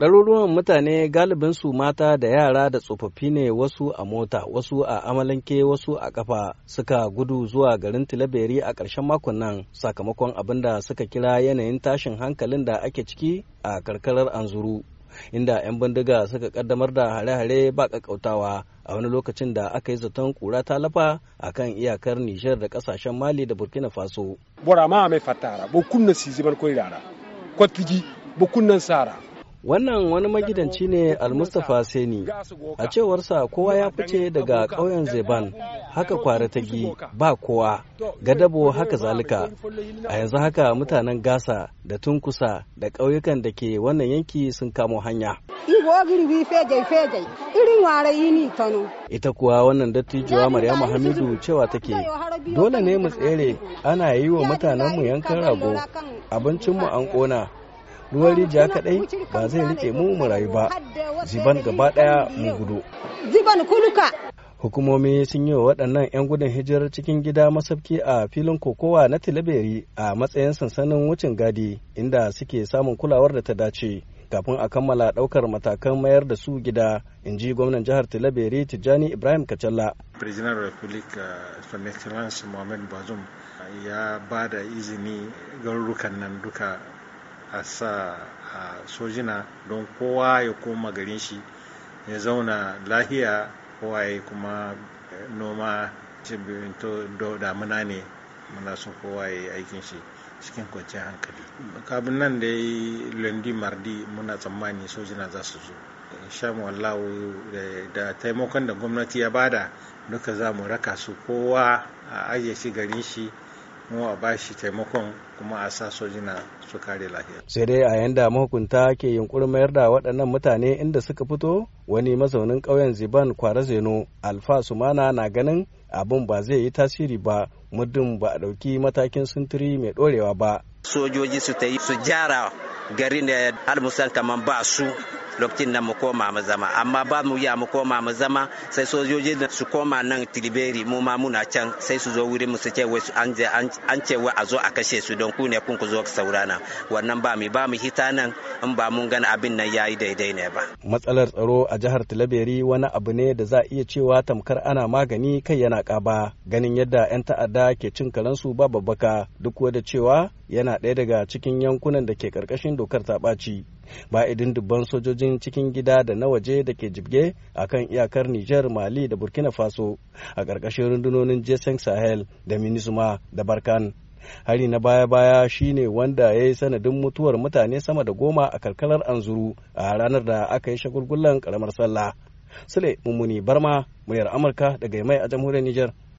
ɗaruruwan mutane galibin su mata da yara da tsofaffi ne wasu a mota wasu a amalanke wasu a kafa suka gudu zuwa garin tilaberi a ƙarshen makon nan sakamakon abin da suka kira yanayin tashin hankalin da ake ciki a karkarar anzuru inda 'yan bindiga suka kaddamar da hare-hare ba ƙaƙƙautawa a wani lokacin da aka yi zaton kura ta lafa a kan iyakar nijar da ƙasashen mali da burkina faso bora ma mai fatara bokkun na siziman rara kwatigi bukunan sara Wannan wani magidanci ne Almustapha Seni. A cewarsa kowa ya fice daga ƙauyen Zeban, haka kwara gi ba kowa, gadabo haka zalika. A yanzu haka mutanen Gasa da Tunkusa da ƙauyukan da ke wannan yanki sun kamo hanya. Ita kuwa wannan dattijuwa Maryamu Hamidu cewa take, dole ne mu tsere ana yi wa mutanenmu yankan rago, abincinmu an ƙona. ruwan rijiya kaɗai ba zai rike mu mu rayu ba ziban gaba daya mu gudu ziban kuluka hukumomi sun yi wa waɗannan 'yan gudun hijirar cikin gida masafki a filin kokowa na tilaberi a matsayin sansanin wucin gadi inda suke samun kulawar da ta dace kafin a kammala ɗaukar matakan mayar da su gida in ji gwamnan jihar tilaberi tijjani ibrahim kacalla president republic from uh, excellence mohamed bazoum ya ba da izini garurukan nan duka a sa a sojina don kowa ya koma garin shi ya zauna lahiya kowa ya kuma eh, noma to damuna ne muna sun kowa ya aikin shi cikin kwanciyar hankali kabin nan da yi lundi mardi muna tsammani sojina za su zo shamu wallahu eh, da taimakon da gwamnati ya bada duka za mu raka su kowa a ajiye shi garin shi mu a bashi taimakon kuma a sa sojina su kare lafiya. sai dai a yanda mahukunta ke yunkurin mayar da waɗannan mutane inda suka fito wani mazaunin ƙauyen ziban kwara zeno alfa sumana na ganin abin ba zai yi tasiri ba muddin ba a ɗauki matakin sintiri mai ɗorewa ba sojoji su ta yi su gyara garin da almusan kamar ba su lokacin nan mu koma mu zama amma ba mu ya mu koma mu zama sai sojoji da su koma nan tiliberi mu ma muna can sai su zo wurin mu su ce wai an ce wai a zo a kashe su don ku ne kun ku zo ku saurana wannan ba mu ba mu hita nan in ba mun gana abin nan yayi daidai ne ba matsalar tsaro a jihar tiliberi wani abu ne da za iya cewa tamkar ana magani kai yana kaba ganin yadda 'yan ta'adda ke cin su ba babbaka duk da cewa yana ɗaya daga cikin yankunan da ke ƙarƙashin dokar ta ɓaci ba idin dubban sojoji. sojojin cikin gida da na waje da ke jibge a kan iyakar Nijar, Mali da Burkina Faso a ƙarƙashin rundunonin Jason Sahel da Minisuma da Barkan. Hari na baya-baya shine wanda ya yi sanadin mutuwar mutane sama da goma a karkarar Anzuru a ranar da aka yi shagulgulan ƙaramar sallah. Sule Mummuni Barma, muryar Amurka daga mai a jamhuriyar Nijar.